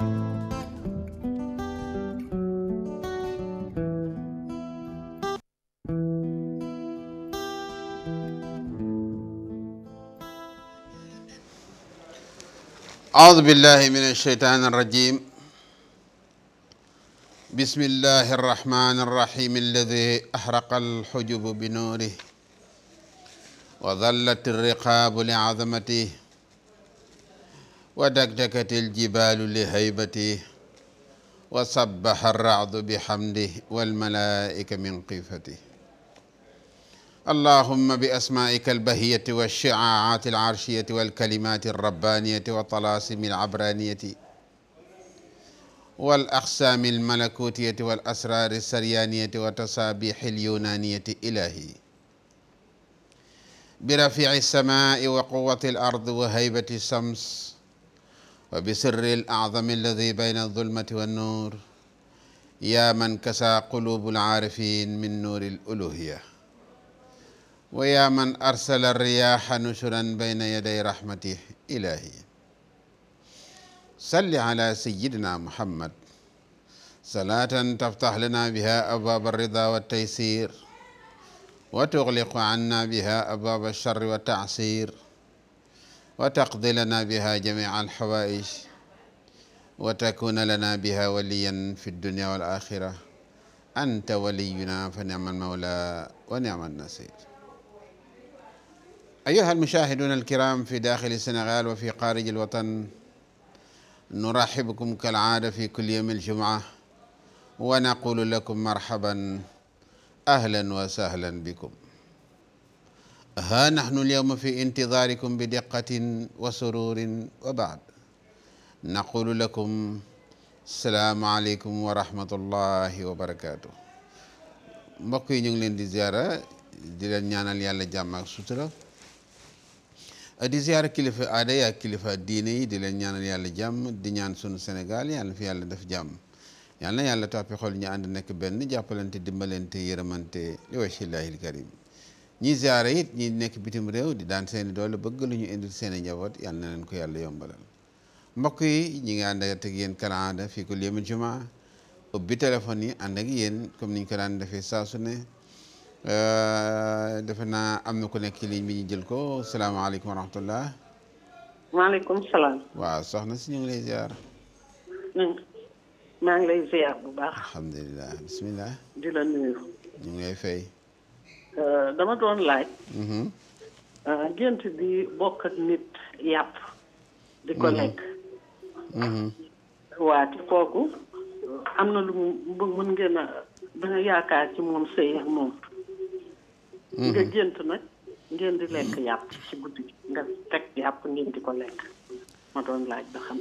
أعوذ بالله من الشيطان الرجيم بسم الله الرحمن الرحيم الذي أحرق الحجب بنوره وظلت الرقاب لعظمته wa dakdakatil jibaalu li haybati wa sabbaha arraadu bihamdi walmalaa'ika min qiifati allahumma bi asmaa'ika albahiyati wa shi'aa'aati alcarshiyati walkalimaati arrabbaaniyati wa talaasimi alcabraaniyati والأقسام الملكوتية والأسرار السريانية وتسابيح اليونانية إلهي برفيع السماء وقوة الأرض وهيبة الشمس وبسر الأعظم الذي بين الظلمة والنور يا من كسى قلوب العارفين من نور الألوهية ويا من أرسل الرياح نشرا بين يدي رحمته إلهي صل على سيدنا محمد صلاة تفتح لنا بها أبواب الرضا والتيسير وتغلق عنا بها أبواب الشر والتعسير wa taqdi lana biha jamia alxawaij wa takuna lana biha waliyan fi dunia wal axira anta waliyuna fa nicma almawla wa nicma alnasir أيها المشاهدون الكرام في داخل السنغال وفي خارج الوطن نرحب بكم كالعادة في كل يوم الجمعة ونقول لكم مرحبا أهلا وسهلا بكم haa nahnu alyawma fi intidaarikum bi diqqatin wa sururin wa baad naqulu lakum salaamu aleykum wa rahmatullahi wa barakaatu mbokk yi ñu ngi leen di ziara di leen ñaanal yàlla jàmm ak sutura di ziara kilifa aada yi ak kilifa diine yi di leen ñaanal yàlla jàmm di ñaan sunu Sénégal yàlla fi yàlla def jàmm yàlla na yàlla toppi xol ñu ànd nekk benn jàppalante dimbalante yërëmante li karim ñi ziare it ñi nekk bitim réew di daan seen i doole bëgg lu ñu indil seen i njaboot yal na leen ko yàlla yombalal mbokk yi ñi ngi ànd ak yéen kalaada fii ko léemu juma ubbi téléphone yi ànd ak yéen comme niñ ko daan defee saa ne euh, defe naa am na ku nekk ci ligne bi ñu jël ko salaamaaleykum wa rahmatullah maaleykum waaw soxna si ñu ngi lay ziar. Hmm. bu baax. alhamdulilah bisimilah. di la nuyu. ñu ngi lay fay. Uh, dama doon laaj. Mm-hmm. Uh, gént bi bokk ak nit yàpp. di ko mm-hmm. lekk. Mm-hmm. waa te kooku am na lu mu mën ngeen a yaakaar ci moom sëy ak moom. nga gént nag ngeen di lekk yàpp ci guddi nga teg yàpp ngeen di ko lekk ma doon laaj ba xam.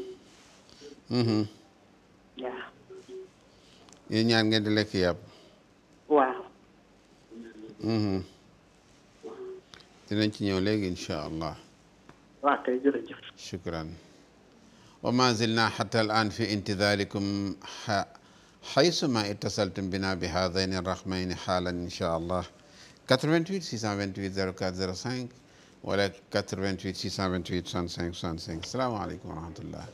waaw. yéen ñaar ngeen di lekk yàpp. Mm-hmm. dinañ ci ñëw léegi incha allah. waaw kay jërëjëf. shukran. wa ma zilna xata al an fi intidaarikum xaysuma ittasaltum bina bi haadayni raxmayni xaalan incha allah 88 628 04 05 wala 88 628 65 65 salaamaaleykum wa rahmatullah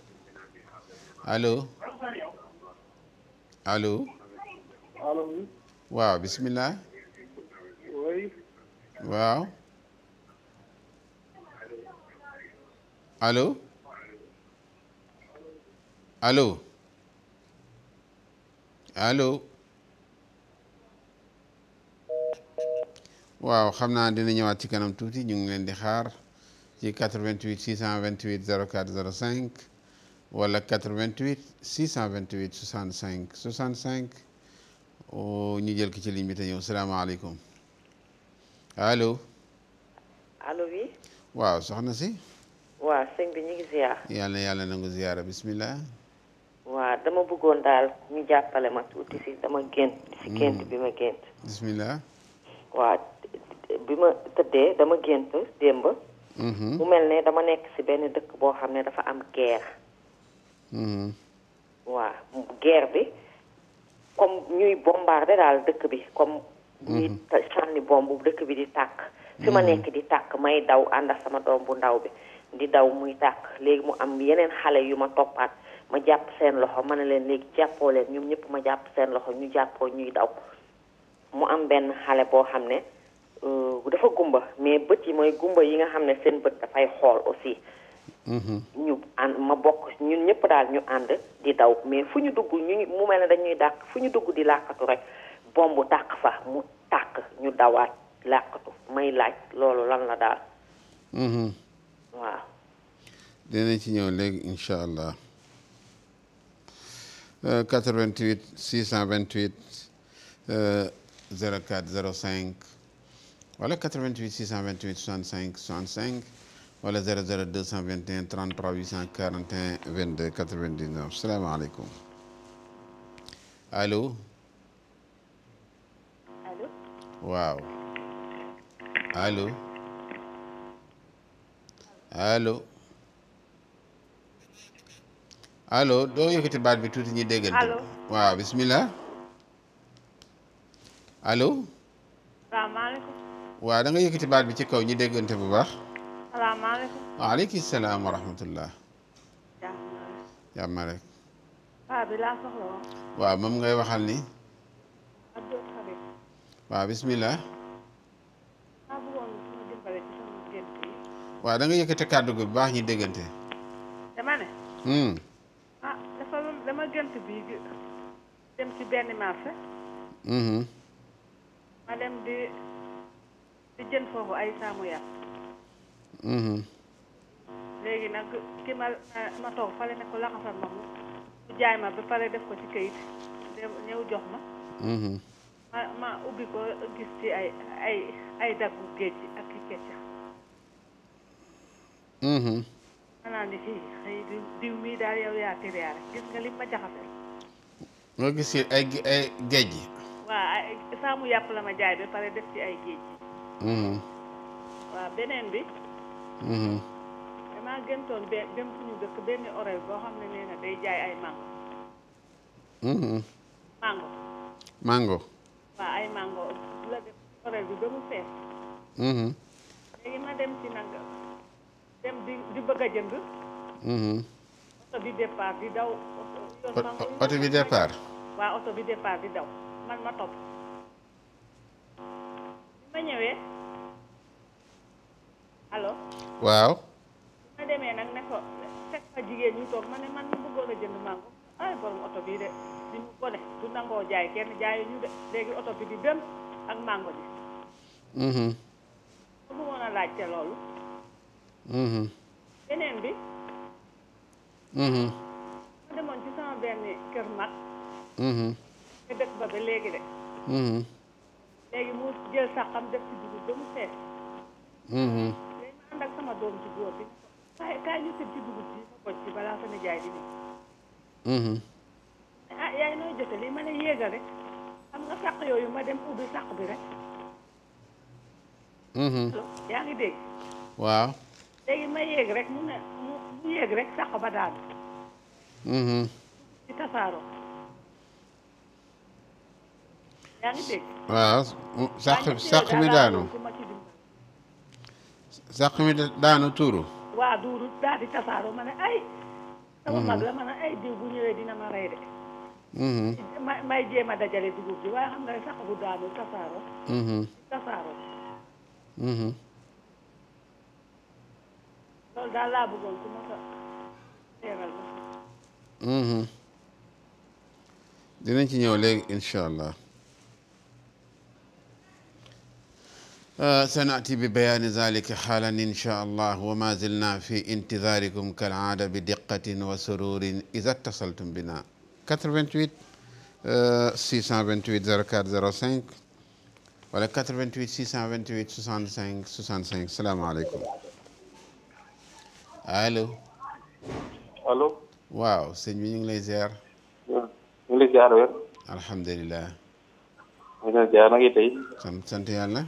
allo allo. allo. waaw bisimilah. waaw allo allo allo waaw xam naa dina ñëwaat ci kanam tuuti ñu ngi leen di xaar ci 88 628 04 05 wala 88 628 65 65 ñu jël ko ci ligne bi te ñëw salaamaaleykum. allo. allo oui. waaw soxna si. waaw sëñ bi ñu ngi ziar. yàlla yàlla nangu ziara bismillah. waaw dama bëggoon daal ñu jàppale ma tuuti si dama gént. si hmm. gént bi ma gént. bismillah. waaw bi ma tëddee dama gént démb. Hmm. mu mel ne dama nekk ci benn dëkk boo xam ne dafa am guerre. Hmm. waaw guerre bi comme ñuy bombarder daal dëkk bi comme. di sànni mhm. bomb bu dëkk bi di tàkk fi ma mhm. nekk di tàkk may daw ànd ak sama doom bu ndaw bi di daw muy tàkk léegi mu am yeneen xale yu ma toppaat ma jàpp seen loxo ma ne leen léegi jàppoo leen ñoom ñëpp ma jàpp seen loxo ñu jàppoo ñuy daw mu am benn xale boo xam ne euh, dafa gumba mais bët yi mooy gumba yi nga xam ne seen bët dafay xool aussi mhm. ñu ànd ma bokk ñun ñëpp daal ñu ànd di daw mais fu ñu dugg ñu mu mel ne dañuy dàq fu ñu dugg di làkkatu rek bomb tàq fa mu tàkk ñu dawaat làqatu may laaj loolu lan la daal. Mhm. waaw. dinañ ci ñëw léegi incha allah 88 628 04 05 wala 88 628 65 65 wala 00 221 33 841 22 99 salaamaaleykum allo. waaw allo allo allo doo yëkkati baat bi tuuti ñuy déggal. allo waaw bisimilah allo. salaamaaleykum. waaw da nga yëkkati baat bi ci kaw ñi déggante bu baax. salaamaaleykum. waaleykum salaam waaw moom ngay waxal ni. waa bismillah waa da yëkkate kàddu gi bu baax ñu déggante. dama ne. Hmm. ah dafa dama gënt bi dem ci benn marché. Hmm. ma dem di di jën foofu ay saamu yàpp. Hmm. léegi nag ki ma ma toog fale ne ko laxasal ma ma ba pare def ko ci kayit dem jox ma. ma ubbi ko gis ci ay ay ay daggu géej ak i kecca maanaam mm-hmm. ni kii diw mii daal yow yaa tiriyaare gis nga li ma jaxasel nga gis ci ay géej yi waaw ay yàpp la ma jaay ba pare def ci ay géej yi mm-hmm. waaw beneen bi mm-hmm. damaa gëntoon be dem suñu dëkk benn boo xam ne nee na jaay ay mango mango mango waaw ay mango la def forêt bi ba mu fees mm-hmm. léegi ma dem ci nag dem di di bëgg a jënd mm-hmm. oto bi départ di daw oto bi départ waaw oto bi départ di daw man ma topp bi ma ñëwee allo waaw ma demee nag ne ko fekk fa jigéen ñu toog ma ne man ma bëggoon jënd mango ay borom oto bii de du nangoo jaay kenn jaayu ñu de léegi oto bi di dem ak mango ji su mm-hmm. mu mën a laajte loolu mm-hmm. beneen bi ma mm-hmm. demoon ci sama benn kër mag te dëkk ba ba léegi de léegi mu jël saxam def ci dugub ba mu fees léegi ma ànd sama doom ci góor bi kaay ñu tëb ci dugub ji ma boj balaa fa ne jaay nii Mm-hmm. ah yaay nooy jote lii ma ne yéegal rek xam nga sàq yooyu ma dem ubbi sàq bi rek mm-hmm. yaa ngi dégg waaw léegi ma yéeg rek mu ne rek sàq ba daal ci mm-hmm. tasaaro yaa ngi dégg waaw sàq sàq bi daanu sàq mi daanu tuuru waaw di tasaaro ma ne ay sama mhm. mag la ma ne ay diw bu ñëwee dina ma rey de. Mhm. may may jéem dajale dugub ji waaye xam nga ne sax bu daanu tasaaro. Mhm. tasaaro. loolu daal laa bëggoon ku ma ci ñëw léegi incha allah. سنأتي ببيان ذلك حالا إن شاء الله وما زلنا في انتظاركم كالعادة بدقة وسرور إذا اتصلتم بنا 88 628 04 05 ولا 88 628 65 65 السلام عليكم ألو ألو waaw sëñ bi ñu ngi lay ziar. ñu ngi lay ziar wér. alhamdulilah. ñu ngi lay ziar nag tey. sant sant yàlla.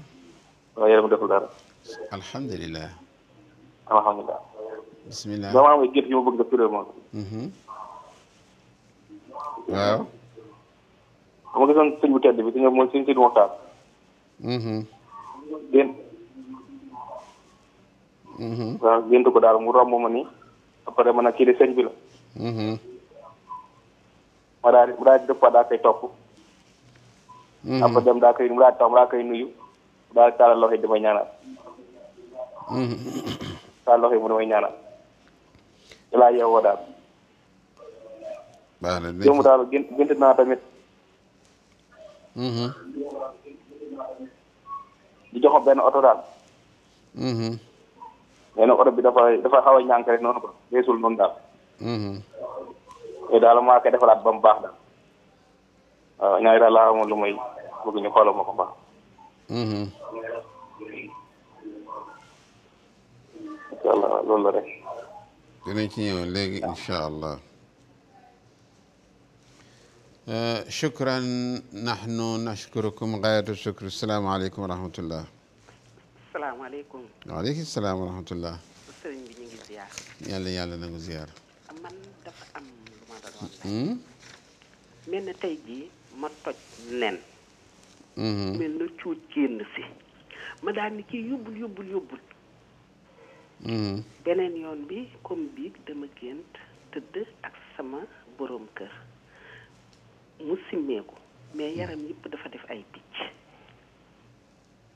waaw yàlla mu deful dara. alhamdulilah. alhamdulilah. bisimilah dama am gént gi ma bëgg nga firé mhm. bu tedd bi si nga mooy sëñ Sidi Moxtaar. Mhm. gént. Mhm. waaw gént ko daal mu romb ma ni après ma ne kii de sëñ bi la. ma daal di ma daa koy topp. après dem daa koy mu daal di taw daa koy nuyu. daal taalal loxo yi damay ñaanal. Mm-hmm. taalal mu damay ñaanal. laa yeewoo daal. baax daal gént naa tamit. Mm-hmm. di jox benn oto daal. Mm-hmm. nee na oto bi dafa dafa xaw a ñànk rek noonu ko weesul daal. yooyu daal maa koy defaraat ba mu baax daal. waaw ñaari daal laa amoon lu may bëgg ñu xoolal ko baax. Mm-hmm. incha allah loolu la rek. dinañ ci ñëw léegi incha allah. Eh, shukran nahnu nashkurukum gayatu shukr salaamaaleykum wa rahmatullah. salaamaaleykum. waaleykum salaam wa rahmatullah. sëriñ bi ñu ngi ziar. yàlla yàlla nangu ziar. man dafa am lu ma doon wax. Hmm? Mm-hmm. mel na cuuj génn si ma daal ni kii yóbbul yóbbul yóbbul mm-hmm. beneen yoon bi comme biig dama gént tëdd ak sama boroom kër mu simmeeku mais yaram yëpp dafa def ay picc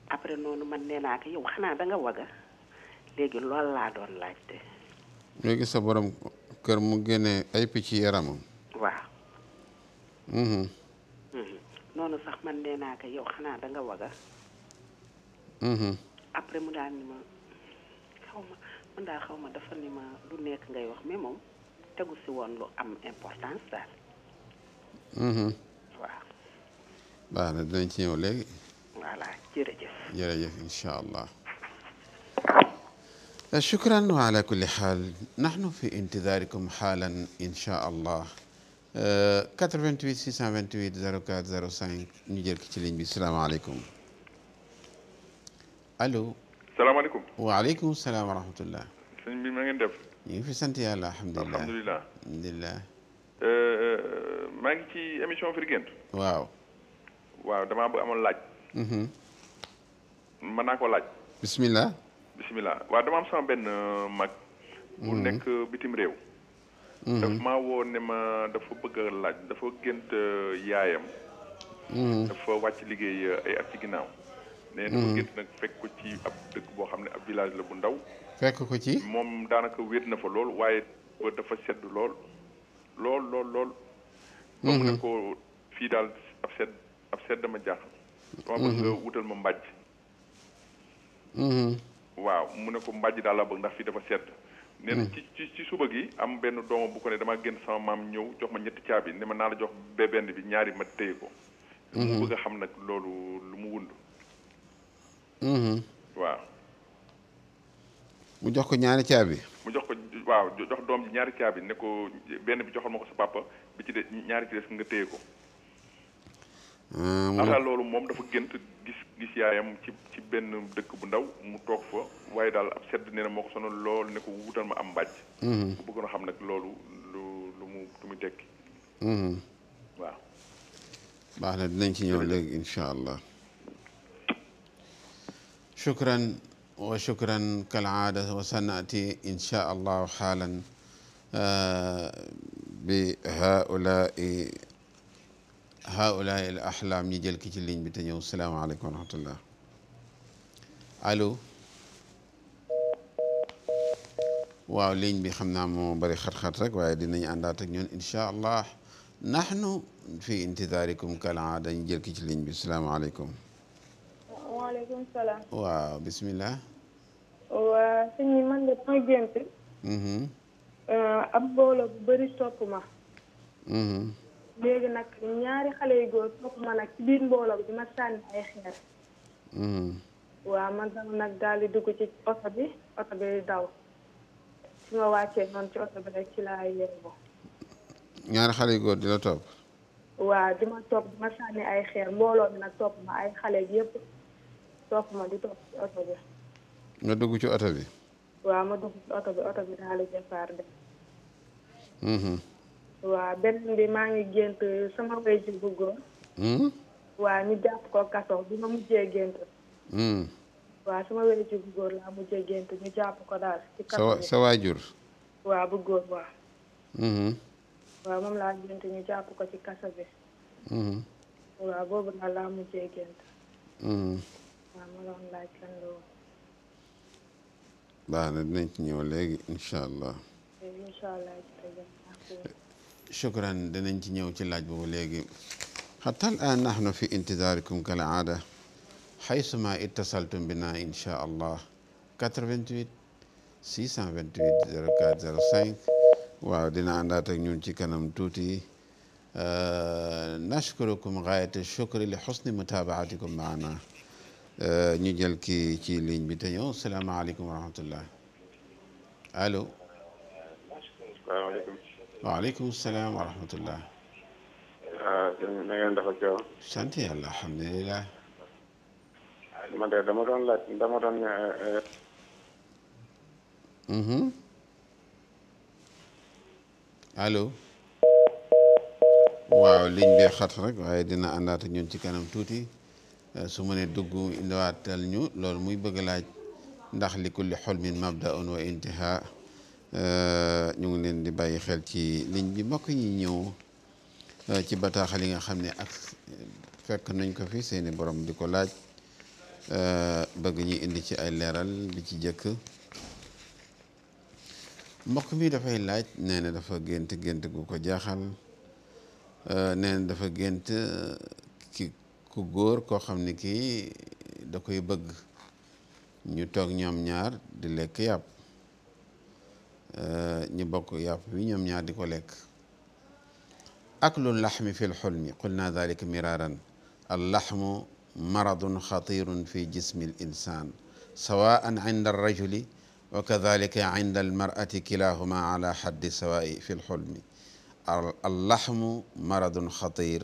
après noonu man nee ko yow xanaa da nga waga léegi loolu laa doon laajte léegi sa boroom kër mu génnee ay picc yaramam waaw mm-hmm. noonu sax man nee naa yow xanaa da waga mm-hmm. après mu daal ni ma xaw ma man dafa ni lu nekk ngay wax mais moom tegu si woon lu am importance daal mm-hmm. waaw baax na dinañ ci ñëw léegi voilà jërëjëf jërëjëf incha allah shukran wa xaal naxnu fi intidaarikum xaalan incha allah 88 628 04 05 ñu jël ci ligne bi salaamaaleykum allo. salaamaaleykum. waaleykum salaam wa bi ma ngeen def. ñu ngi fi sant yàlla alhamdulilah alhamdulilah. alhamdulilah. Euh, euh, maa ngi ci émission Firi Guent. waaw. waaw damaa bëgg amoon laaj. Mm-hmm. mën naa ko laaj. bisimilah. bisimilah waaw dama am sama benn euh, mag. bu mm-hmm. nekk bitim réew. daf mhm. maa woo ne ma dafa bëgg a laaj dafa gént euh, yaayam. Mhm. dafa wàcc liggéey euh, ay at ci ginnaaw. nee dafa mhm. gént nag fekk ko ci ab dëkk boo xam ne ab village la bu ndaw. fekk ko ci moom daanaka wéet na fa lool waaye dafa sedd lool. lool lool lool. mu ne ko fii daal ab sedd ab sedd ma jaaxal. dama bëgg nga wutal ma mbàjj. waaw mu ne ko mbàjj daal la bëgg ndax fii dafa sedd. nee na hmm. ci ci ci suba gi am benn doomam bu ko ne damaa génn sama maam ñëw jox ma ñetti caabi ne ma naa la jox ba benn bi ñaari ma téye ko. Hmm. mu xam nag loolu lu mu wund. Hmm. waaw. jox ko ñaari caabi. mu jox ko waaw jox doom ji ñaari caabi ne ko benn bi joxal ma ko sa papa bi ci des ñaari ci des nga téye ko. mu loolu moom dafa gént. gis yaayam ci benn dëkk bu ndaw mu toog fa waaye daal ab sedd nee moo ko sonal lool ne ko wutal ma am mbàjj bu mm-hmm. bëggoon a xam nag loolu lu lu mu lu mu tekki mm-hmm. waaw na dinañ ci ñëw léegi incha allah shukran wa shukran kal aada wa sanaati incha allahu xaalan eh, bi haulai haulaai al ahlaam ci ligne bi te ñëw salaamaaleykum wa rahmatullah allo waaw bi xam naa moo bëri xat-xat rek waaye dinañ àndaat ak ñun incha allah nahnu fi intidaarikum kala dañu jël ki ci ligne bi salaamaaleykum waaleykum salaam bismillah waa sëñ bi man de dama gént mhm. euh, ab mbooloo bu léegi nag ñaari xale yu góor topp ma nag ci biir mbooloo bi ma sànni ay xeer. Hmm. waaw man nag daal di dugg ci oto bi oto bi daw su ma wàccee ci oto bi rek ci laa yëngu. ñaari xale góor di la topp. waaw ma topp di ma ay xeer mbooloo bi nag topp ay xale yëpp topp ma di topp ci oto dugg ci oto bi. waaw dugg oto bi oto bi daal di départ dem. Hmm, hmm. waaw benn bi maa ngi gént sama wéyjur bu góor. Hmm? waaw ñu jàpp ko kaso bi ma mujjee gént. Hmm. waaw sama wéyjur bu góor laa gént ñu jàpp ko daal. ci kaso waajur. waaw bu góor hmm. waaw. moom laa gént ñu jàpp ko ci kaso bi. waaw boobu daal laa mujjee gént. waaw ma doon laaj lan la woon. baax dinañ ci ñëw léegi incha allah. incha allah. shukran danañ ci ñëw ci laaj boobu léegi xata al an nahnu fi intizaarikum kal aada xaysuma ittasaltum bina inchaa allah 88 628 04 05 waaw dina àndaat ak ñun ci kanam tuuti nashkurukum gaayata shukri li xusni mutabaatikum maana ñu jël ki ci ligne bi te ñëw salaamaaleykum wa rahmatullah allo waaleykum salaam wa rahmatullah. waaw ah, jërëjëf na ngeen dafa coow. sant yàlla alhamdulilah. man de dama doon laaj dama doon. Eh, eh, mm-hmm. allo. waaw ligne bi xat rek waaye dina àndaata ñun ci kanam tuuti eh, su ma ne dugg indiwaatal ñu loolu muy bëgg laaj ndax li kulli xolmin mabdaun wa intihaa Euh, ñu ngi leen di bàyyi xel ci liñ bi mbokk yi ñëw euh, ci bataaxal yi nga xam ne ak fekk nañ ko fi seeni boroom di ko laaj euh, bëgg ñu indi ci ay leeral bi ci jëkk mbokk bi dafay laaj nee na dafa gént gént gu ko jaaxal nee dafa gént ki ku góor koo xam ne kii da koy bëgg ñu toog ñoom ñaar di lekk yàpp Euh, ñu bokk yàpp wi ñoom ñaar di ko lekk aklu laxmi fi lxulmi qulna dalika miraran allaxmu maradun xatirun fi jismi l insan sawaan inda alrajuli wa kadalika inda almarati kilahuma ala xaddi sawaai fi lxulmi allaxmu maradun xatir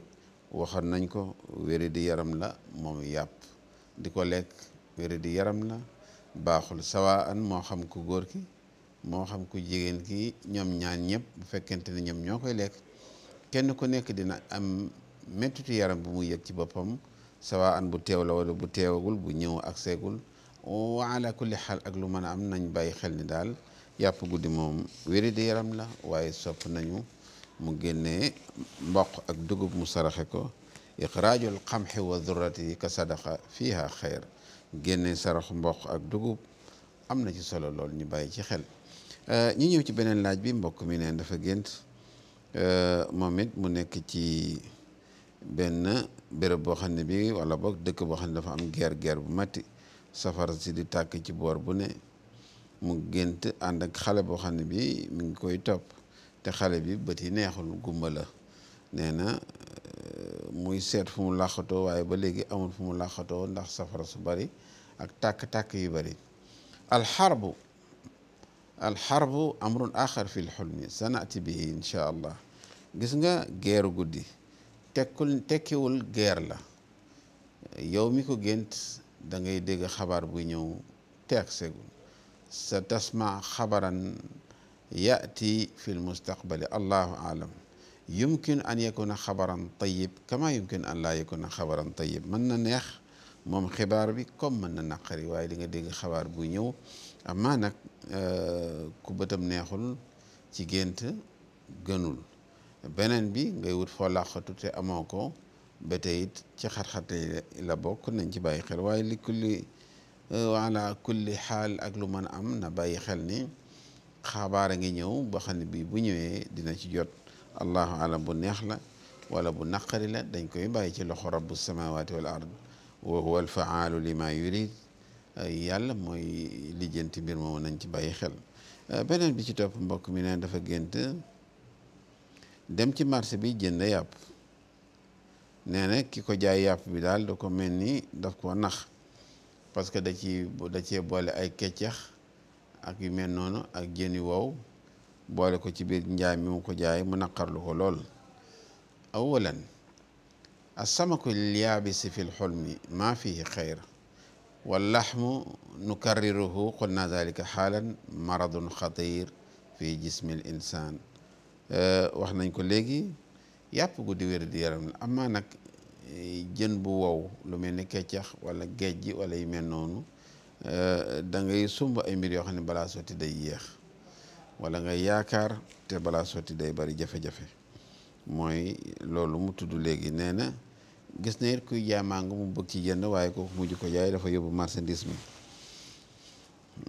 waxoon nañ ko wéri di yaram la moom yàpp di ko lekk wéri di yaram la baaxul sawaan moo xam ku góor ki moo xam ku jigéen ki ñoom ñaan ñëpp bu fekkente ne ñoom ñoo koy lekk kenn ku nekk dina am mettitu yaram bu mu yëg ci boppam sawaan bu teew la wala bu teewagul bu ñëw ak segul wa ala kulli xaal ak lu ma a am nañ bàyyi xel ni daal yàpp guddi moom wéri di yaram la waaye sopp nañu mu génnee mboq ak dugub mu saraxe ko iqraajul xamxi wa durrati ka sadaqa fiha xayr génne sarax mboq ak dugub am na ci solo lool ñu bàyyi ci xel Euh, ñu ñëw ci beneen laaj bi mbokk mi neen dafa gént euh, moom it mu nekk ci benn bërëb boo xam ne bi wala boog dëkk boo xam ne dafa am ger guerre bu matti safara si di tàkk ci boor bu ne mu gént ànd ak xale boo xam ne bi mu ngi koy topp te xale bi bët yi neexul gumba la nee na euh, muy seet fu mu làqatoo waaye ba léegi amul fu mu làqatoo ndax safara su bari ak tàkk-tàkk yu bari alxarbu alxarbu amrun axar fi lxulmi sanaati bihi incha allah gis nga geeru guddi tekkul tekkiwul geer la yow mi ko gént da ngay dégg xabaar bu ñëw teeg segul sa tasma xabaran yaati fi lmustaqbali allahu aalam yumkin an yakuna xabaran tayib kama yumkin an laa yakuna xabaran tayib mën na neex moom xibaar bi comme mën na naqari waaye di nga dégg xabaar bu ñëw amaa nag ku bëtam neexul ci gént gënul beneen bi ngay wut foo làqatu te amoo ko ba ci xat-xat yi la bokk nañ ci bàyyi xel waaye li kulli wala kulli xaal ak lu mën am na bàyyi xel ni xabaar a ngi ñëw boo xam ne bii bu ñëwee dina ci jot allahu alam bu neex la wala bu naqari la dañ koy bàyyi ci loxo rabbu samawaati wal ard wa huwa alfaalu lima yurid yàlla mooy lijjanti mbir moomu nañ ci bàyyi xel euh, beneen bi ci topp mbokk mi ne dafa gént dem ci marché bi jënd yàpp nee na ki ko jaay yàpp bi daal da ko mel ni daf ko nax parce que da ci da cee boole ay keccax ak yu mel noonu ak jën yu wow boole ko ci biir njaay mi mu ko jaay mu naqarlu ko lool awalan ko lyaabisi fi lxulmi maa fihi xayra wallaxmu nukarriruhu qulna zalika xaalan maradun xatir fi jismi l insan wax nañ ko léegi yàpp gu di wér di yaram la amaa nag jën bu wow lu mel ni keccax wala géej gi wala yu mel noonu euh, da ngay sumb ay mbir yoo xam ne balaa sotti day yéex wala nga yaakaar te balaa sotti day bari jafe-jafe mooy loolu mu tudd léegi nee na gis na it kuy jaay mango mu bëgg ci jënd waaye kooku mujj ko jaay dafa yóbbu marchandise mi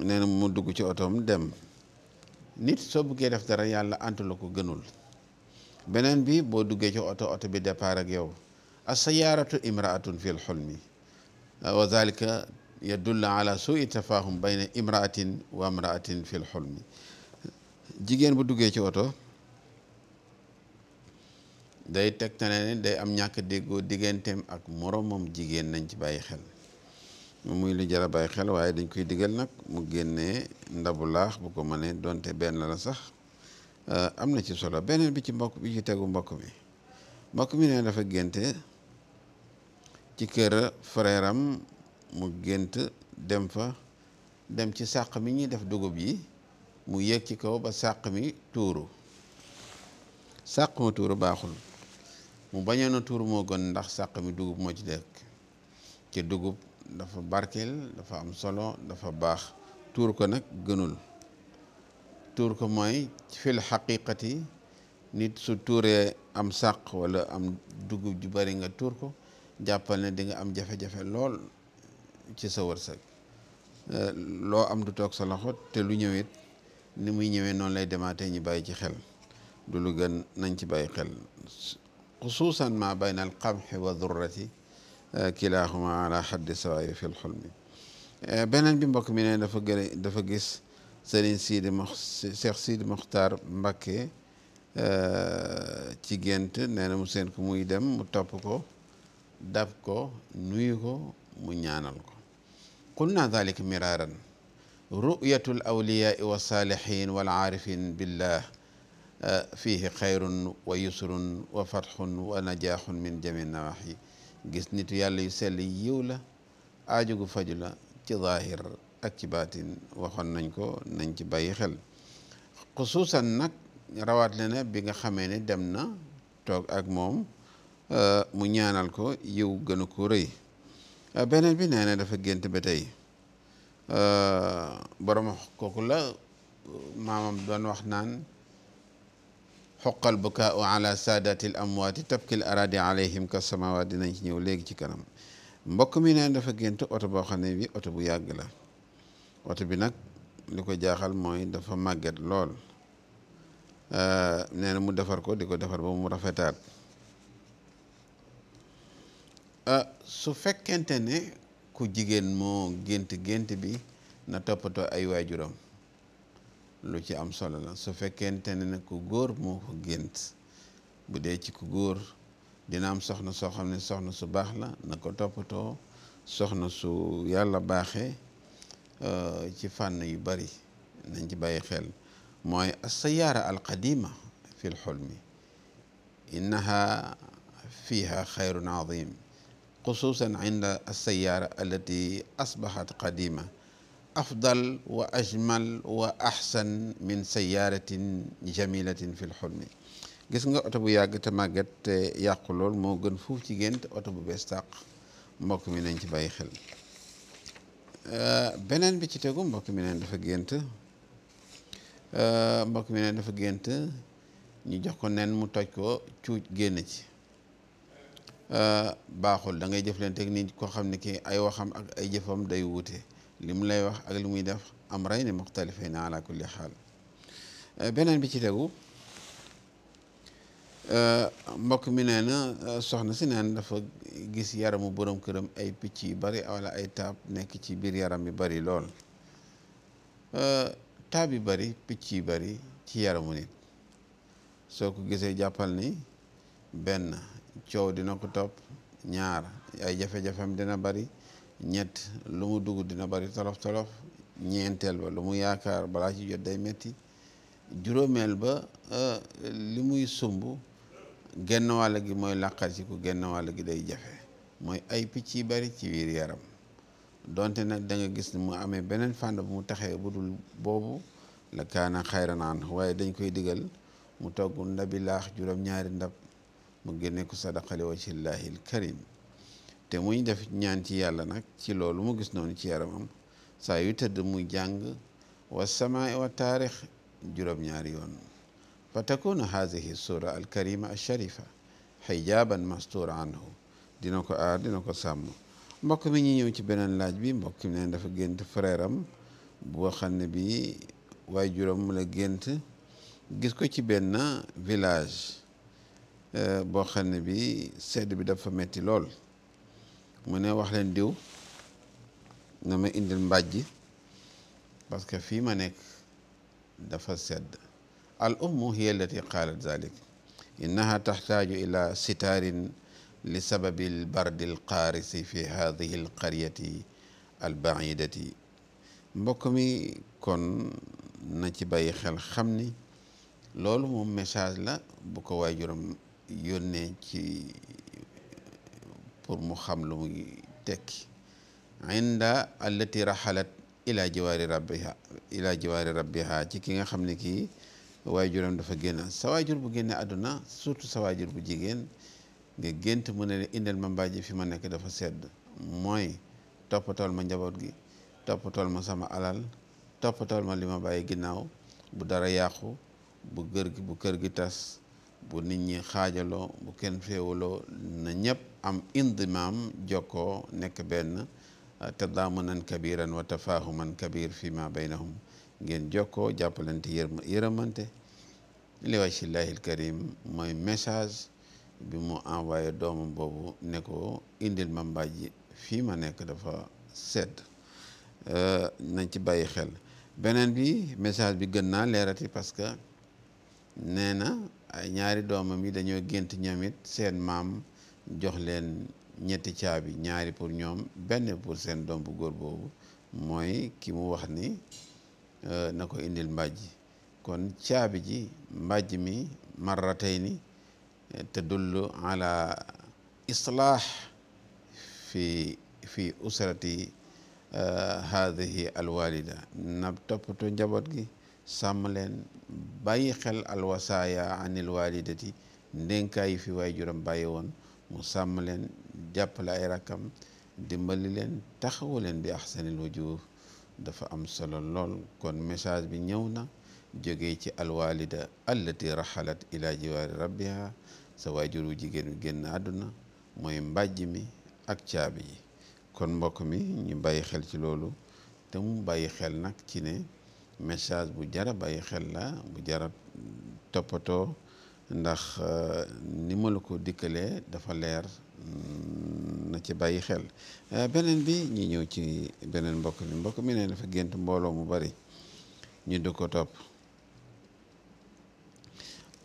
nee mu dugg ci otoom dem nit soo buggee def dara yàlla antu la ko gënul beneen bi boo duggee ci oto oto bi départ ak yow a sayaaratu imraatun fil xulmi wa zalika yadullu ala suui tafahum bayna imraatin wa imraatin fil xulmi jigéen bu duggee ci oto day tegtale ne day am ñàkk déggoo digganteem ak moromam jigéen nañ ci bàyyi xel muy lu jar a bàyyi xel waaye dañ koy digal nag mu génnee ndabu laax bu ko mënee doonte benn la sax euh, am na ci solo beneen bi ci mbokk bi ci tegu mbokk mi mbokk mi ne dafa génte ci kër frère mu gént dem fa dem ci sàq mi ñuy def dugub yi mu yéeg ci kaw ba sàq mi tuuru sàq ma tuuru baaxul mu bañoon a tuur moo gën ndax sàq mi dugub moo ci dekk ci dugub dafa barkeel dafa am solo dafa baax tuur ko nag gënul tuur ko mooy fil xaqiqati nit su tuuree am sàq wala am dugub ju bari nga tuur ko jàppal ne di nga am jafe-jafe lool ci sa wërsëg euh, loo am du toog sa loxo te lu ñëwit ni muy ñëwee noonu lay demaatee ñu bàyyi ci xel du lu gën nañ ci bàyyi xel xususan ma bayna alqamxi wa durrati kilahuma ala xaddi sawaayi fi lxulmi beneen bi mbokk mi ne dafa gë dafa gis Serigne Sidi Mox Cheikh Sidi Moxtar Mbacké ci gént nee na mu seen ko muy dem mu topp ko dab ko nuyu ko mu ñaanal ko qulna dalika miraaran ru'yatu al awliyaa wa saalihin wal aarifin billah fiihi xayrun wa yusrun wa fatxun wa najaaxun min jami nawaxi gis nitu yàlla yu sell yiw la aaju gu faju la ci zaahir ak ci baatin waxoon nañ ko nañ ci bàyyi xel xusuusan nag rawaat le bi nga xamee ne dem na toog ak moom euh, mu ñaanal ko yiw gënu ko rëy euh, beneen bi nee na dafa gént ba tey euh, borom kooku la maamam doon wax naan xoqal bukaau ala saadati l amwaati tabkil aradi alayhim ka samawaat dinañ ci ñëw léegi ci kanam mbokk mi neen dafa gént oto boo xam ne bi oto bu yàgg la oto bi nag li ko jaaxal mooy dafa màgget lool nee na mu defar ko di ko defar ba mu rafetaat su fekkente ne ku jigéen moo gént gént bi na toppatoo ay waajuram lu ci am solo la su fekkente ne nag ku góor moo gént bu dee ci ku góor dina am soxna soo xam ne soxna su baax la na ko toppatoo soxna su yàlla baaxee euh, ci fànn yu bari nañ ci bàyyi xel mooy assayaara alqadima fi lxulmi innaha fiha xayrun adim xususan inda assayaara allati asbaxat qadima afdal wa ajmal wa ahsan min sayyaaratin jamilatin fil xulmi gis nga oto bu yàgg te màgget te yàqu lool moo gën fuuf ci gént oto bu bees tàq mbokk mi nañ ci bàyyi xel euh, beneen bi ci tegu mbokk mi neen dafa gént euh, mbokk mi neen dafa gént ñu jox ko nen mu toj ko cuuj génn ci euh, baaxul da ngay jëflante ak nit koo xam ne ki ay waxam ak ay jëfam day wuute li mu lay wax ak li muy def amrayni muxtalifayni ala kulli xaal euh, beneen bi ci tegu euh, mbokk mi nee na euh, soxna si neen dafa gis yaramu borom këram ay picc yu bari wala ay taab nekk ci biir yaram yu bari lool taab yu bari picc yu bari ci yaramu nit soo ko gisee jàppal ni benn coow dina ko topp ñaar ay jafe-jafem dina bari ñett lu mu dugg dina bari tolof tolof ñeenteel ba lu mu yaakaar balaa ci jot day metti juróomeel ba euh, li muy sumb genn wàll gi mooy làqal ci ku genn wàll gi day jafe mooy ay picc yi bari ci wiir yaram donte nag danga gis ni mu amee beneen fànn bu mu taxee bu dul boobu la kaana xayran an waaye dañ koy digal mu togg ndabi laax juróom-ñaari ndab mu génne ko sadaqali wajhillaahi l karim te muy def ñaan ci yàlla nag ci loolu mu gis noonu ci yaramam saa yu tëdd mu jàng wa samaai wa taarix juróom-ñaari yoon fa takunu haadihi sura alkarima alsharifa xijaaban mastura anhu dina ko aar dina ko sàmm mbokk mi ñu ñëw ci beneen laaj bi mbokk mi neen dafa gént frère am boo ne bi waaye juróom la gént gis ko ci benn village euh, boo xam ne bi sedd bi dafa metti lool mu ne wax leen diw na ma indil mbàjj parce que fii ma nekk dafa sedd al ummu hiya allati qaalat zalik innaha taxtaaju ila sitaarin li sababi al bardi al qaarisi fi hadihi al qaryati al baidati mbokk mi kon na ci bayi xel xam ni loolu moom message la bu ko waajuram yónnee ci pour mu xam lu muy tekki inda allati raxalat ila jiwaari rabbiha ila jiwaari ci ki nga xam ne kii waajuram dafa génn sa waajur bu génne àdduna surtout sa waajur bu jigéen nga gént mu ne indel ma mbaaji fi ma nekk dafa sedd mooy toppatool ma njaboot gi toppatool ma sama alal toppatool ma li ma bàyyi ginnaaw bu dara yàqu bu gër gi kër gi tas bu nit ñi xaajaloo bu kenn féewaloo na ñëpp am indimaam jokkoo nekk benn euh, tadaamunan kabiran wa tafaahuman kabir fi ma baynahum ngeen jokkoo jàppalante yërëmante li wajhillahi alkarim mooy message bi mu envoyé doomam boobu ne ko indil ma ji fii ma nekk dafa sedd euh, nañ ci bàyyi xel beneen bi message bi gën naa leerati parce que nee na ay ñaari doomam yi dañoo gént ñamit seen maam jox leen ñetti caabi ñaari pour ñoom benn pour seen doom bu góor boobu mooy ki mu wax ni euh, na ko indil mbàjj kon caabi ji mbàjj mi marratayni tadullu ala islaax fi fi usrati euh, haadihi alwalida na toppatoo njaboot gi sàmm leen bàyyi xel alwasaaya anil walidati ndénkaay fi waajuram bàyyi woon mu sàmm leen jàppale ay rakkam dimbali leen taxawu leen bi ahsanil wujuh dafa am solo lool kon message bi ñëw na jóge ci alwalida allati raxalat ila jiwaari rabbiha sa waajur wu jigéen bi génn àdduna mooy mbàjj mi ak caabi yi kon mbokk mi ñu bàyyi xel ci loolu te mu bàyyi xel nag ci ne message bu jara bàyyi xel la bu jara toppatoo ndax euh, ni ma la ko dikkalee dafa leer mm, na ci bàyyi xel euh, beneen bi ñu ñëw ci beneen mbokk mi mbokk mi ne dafa gént mbooloo mu bari ñu du ko topp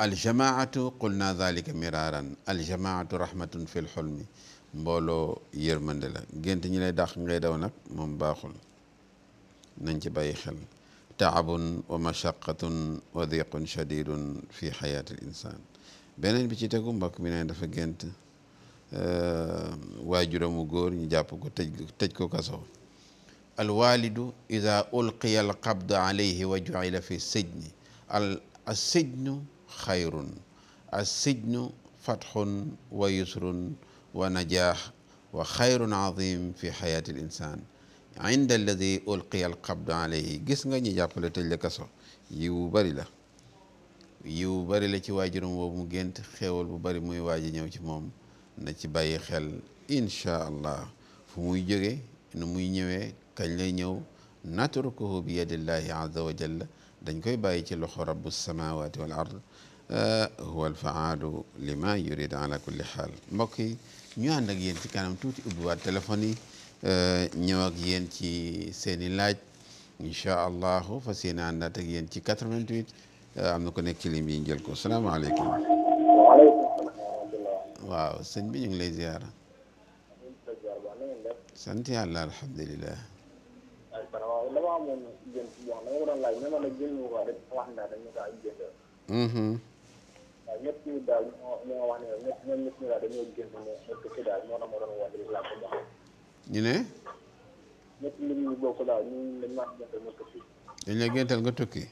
aljamaatu qulna dhalika miraran aljamaatu rahmatun fi lxulmi mbooloo yërmande la gént ñi lay dàq ngay daw nag moom baaxul nañ ci bàyyi xel taabun wa mashaqatun wa diqun shadidun fi xayaati l insan beneen bi ci tegu mbokk mi ne dafa gént euh, waajuramu góor ñu jàpp ko tëj tëj ko kaso alwalidu ida ulqiya alqabdu alayhi wa jucila fi sijni al assijnu xayrun assijnu fatxun wa yusrun wa najaax wa xayrun azim fi xayaati l insan inda alladi ulqiya alqabd alayhi gis nga ñi jàppale tëj la kaso yiwu bari la yiwu bari la ci waajuram boobu mu gént xéewal bu bari muy waaji ñëw ci moom na ci bàyyi xel inchaa allah fu muy jóge nu muy ñëwee kañ lay ñëw natrukuhu bi yadillahi azza wa jalla dañ koy bàyyi ci loxo rabbu samawati wal ard euh, huwa alfaalu lima yurid ala kulli xaal mbokk yi ñu and ak yéen ci kanam tuuti ubbiwaat téléphone yi Euh, ñëw ak yéen ci seeni laaj incha allahu fas yéene àndaat ak yéen ci 88 euh, am na ko nekk ci ñu jël ziara. sant yàlla alhamdulilah. Mm-hmm. ñu ne. ñett mbir mi bokk daal ñun dañu maa gëntal nga tukki. dañ la gëntal nga tukki.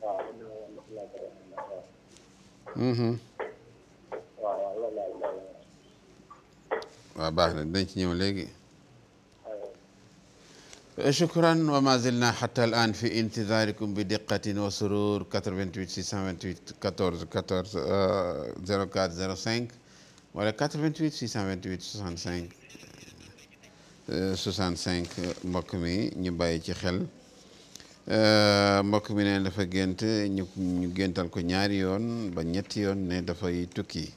waaw. Mm-hmm. waaw baax na dañ ci ñëw léegi. Eh, shukran wa ma zilna xata al an fi intidarikum bi diqatin wa surur 88 628 14 14 04 05 wala 88 628 65 65 euh, euh, mbokk mi ñu bàyyi ci xel euh, mbokk mi ne dafa gént ñu géntal ko ñaari yoon ba ñetti yoon ne dafay tukki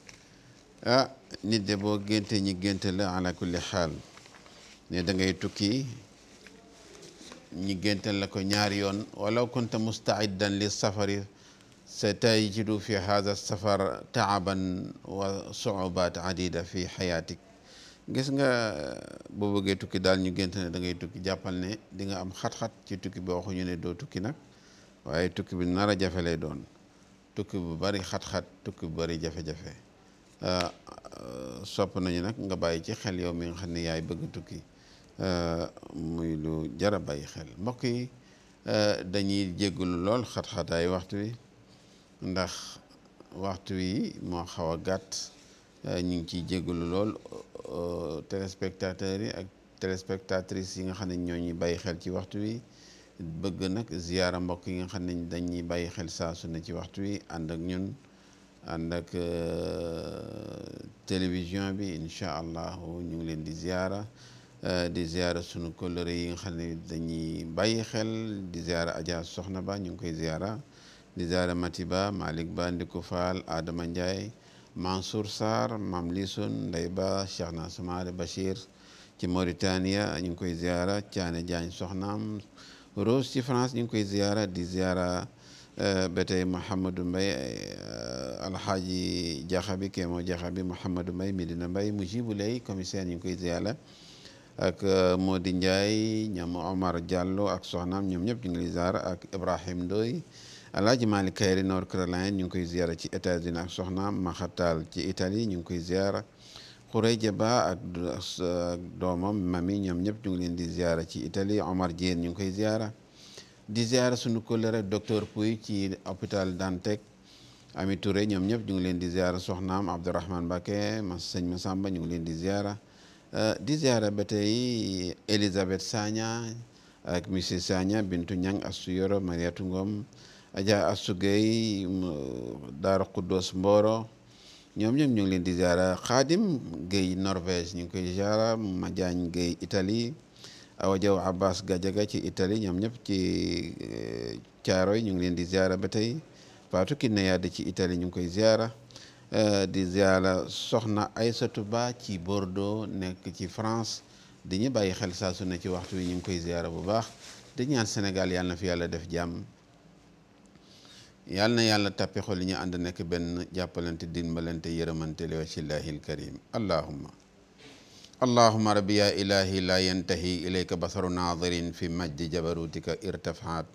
ah nit de boo génte ñi génte la ala kulli xaal tukki ñi géntal la ko ñaari yoon wala kunta mustaiddan li safari satajidu fi hada safar taaban wa suubat adida fi xayaatik gis nga boo bëggee tukki daal ñu gént ne da ngay tukki jàppal ne di nga am xat-xat ci tukki bi waxuñu ne doo tukki nag waaye tukki bi nar a jafe lay doon tukki bu bari xat-xat tukki bu bari jafe-jafe euh, euh, sopp nañu nag nga bàyyi ci xel yow mi nga xam ne yaay bëgg tukki euh, muy lu jar a bàyyi xel mbokk yi dañuy jéggulu lool xat-xataay waxtu wi ndax waxtu wi moo xaw a gàtt ñu ngi ciy jéggulu lool téléspectateurs yi ak téléspectatrices yi nga xam ne ñoo ñuy bàyyi xel ci waxtu wi bëgg nag ziyaara mbokk yi nga xam ne dañuy bàyyi xel saa su ne ci waxtu wi ànd ak ñun ànd ak euh, télévision bi incha allahu ñu ngi leen di ziyaara euh, di ziyaara sunu kóllëre yi nga xam ne dañuy bàyyi xel di ziyaara Adja Soxna Ba ñu ngi koy ziyaara di ziyaara Mati Ba Malick Ba Ndiku Fall Adama Ndiaye. Mansour Sarr Mame Lissoune Ndeye Ba Cheikh na Soumaré Bachir ci Mauritania ñu ngi koy ziara Thiané Diagne soxnaam Rose ci France ñu ngi koy ziara di ziara euh, ba tey Mouhamadou Mbaye euh, Alhaji Diakhabi Kémo Diakhabi Mouhamadou Mbaye Medina Mbaye Mujibou Lay commissaire ñu ngi koy ziara ak euh, Modi Ndiaye ñoom Omar Diallo ak soxnaam ñoom ñëpp ñu ngi ak Ibrahim Ndoye alaaji Malick Kayre North Carolina ñu ngi koy ziara ci États-Unis ak soxnaam maxataal ci Italie ñu ngi koy ziara Khoureja Ba ak doomam mami ñoom ñëpp ñu leen di ziara ci Italie Omar Diène ñu ngi koy ziara di ziara sunu kóllëre docteur Pouy ci hopital Dantec Ami Touré ñoom ñëpp ñu ngi leen di ziara soxnaam Abdourahmane Mbacké ma sëñ Massamba ñu ngi leen di ziara euh, di ziara ba tey Elisabeth Sagna ak monsieur Sagna Bintu Ñang Astu Yoro Mariatu Ngom Adja Astou Gueye Daara Khoudoss Mboro ñoom ñoom ñu ngi leen di ziara Khadim Gueye Norvège ñu ngi koy ziara Madiagne Gueye Italie Awa Diaw Abbas Gadiaga ci itali ñoom ñëpp ci eh, Thiaroye ñu ngi leen di ziara ba tey Fatou Kiné ci Italie ñu ngi koy ziara eh, di ziara Soxna ay Ba ci Bordeaux nekk ci France di ñu bàyyi xel saa ne ci waxtu wi ñu ngi koy ziara bu baax di ñaan Sénégal yàlla na fi yàlla def jàmm. yàlla na yàlla tappi xol yi ñu ànd nekk benn jàppalante dimbalante yërëmante li wajhillahi alkarim allahumma allahumma rabbi ya ilahi la yantahi ilayka basaru naadirin fi majdi jabarutika irtafaat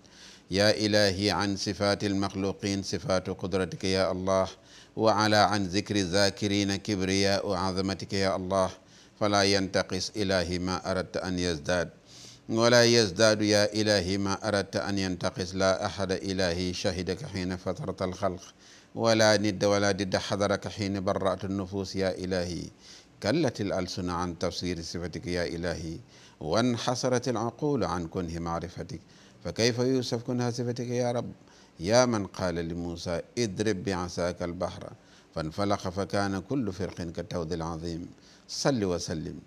ya ilahi an sifati almaxluqin sifatu qudratika ya allah wa ala an zikri zakirina kibriya wa azamatika ya allah fala yantaqis ilahi ma aradta an yazdad wala yazdaadu yaa ilahi ma aradta an yantaqis la ahada ilahi shahidaka xiina fatarta alxalq wala nidda wala didda xadaraka xiina barratu nufus ya ilahi kallati alalsuna an tafsiri sifatika ya ilahi wanxasarati alaqulu an kunhi macrifatik fa kayfa yusaf kunha sifatika ya rab ya man qaala li musa idrib biasaaka albahra fanfalaqa fa kaana kullu firqin ka tawdi alazim salli wa sallim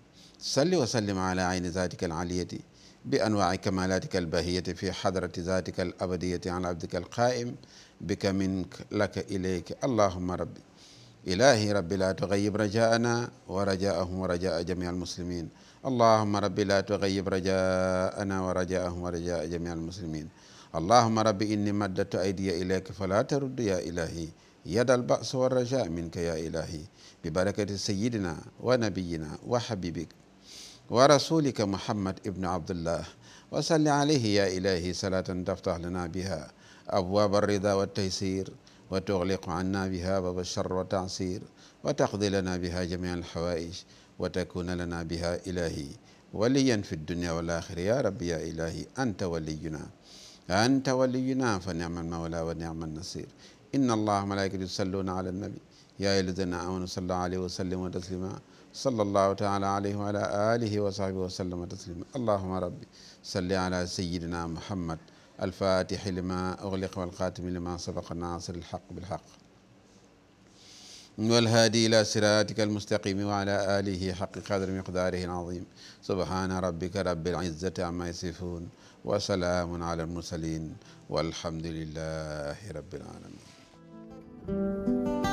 salli wa sallim ala ayni zatika alaliyati bi anwaai kamalatika albahiyati fi xadrati zatika al abadiyati an abdika alqaim bika mink laka ilayk allahuma rabbi ilahi rabbi la tuxayib rajaana wa rajaahum wa rajaa jamii almuslimin allahuma rabbi la tuxayib rajaana wa rajaahum wa rajaa jamii almuslimin allahuma rabbi inni maddatu aydiya ilayka fala taruddu ya ilahi yada albas wa raja minka ya ilahi bi barakati sayidina wa nabiyina wa habibik wa rasulika muhammad ibnu abdullah wa salli alayhi ya ilahi salatan taftah lana biha abwaab alrida waltaysir wa tuxliqu anna biha bab alchar wa taasir wa taqdi lana biha jamia alxawaij wa takuna lana biha ilahi waliyan fi dunia wal axira ya rabbi ya ilahi anta waliyuna anta waliyuna fa nicma almawla wa nicma alnasir inna allaha malaikatu yusalluna ala alnabi ya ayyuha alladina amanu sallu alayhi wa sallimu taslima sallallahu taala alayhi wa ala alihi wa sahbihi wa sallama taslima allahuma rabbi salli ala sayidina muhammad alfatixi lima ugliq walxaatimi lima sabaqa nasir alxaq bilxaq والهادي إلى صراطك المستقيم وعلى آله حق قدر مقداره العظيم سبحان ربك رب العزة عما يصفون وسلام على المرسلين والحمد لله رب العالمين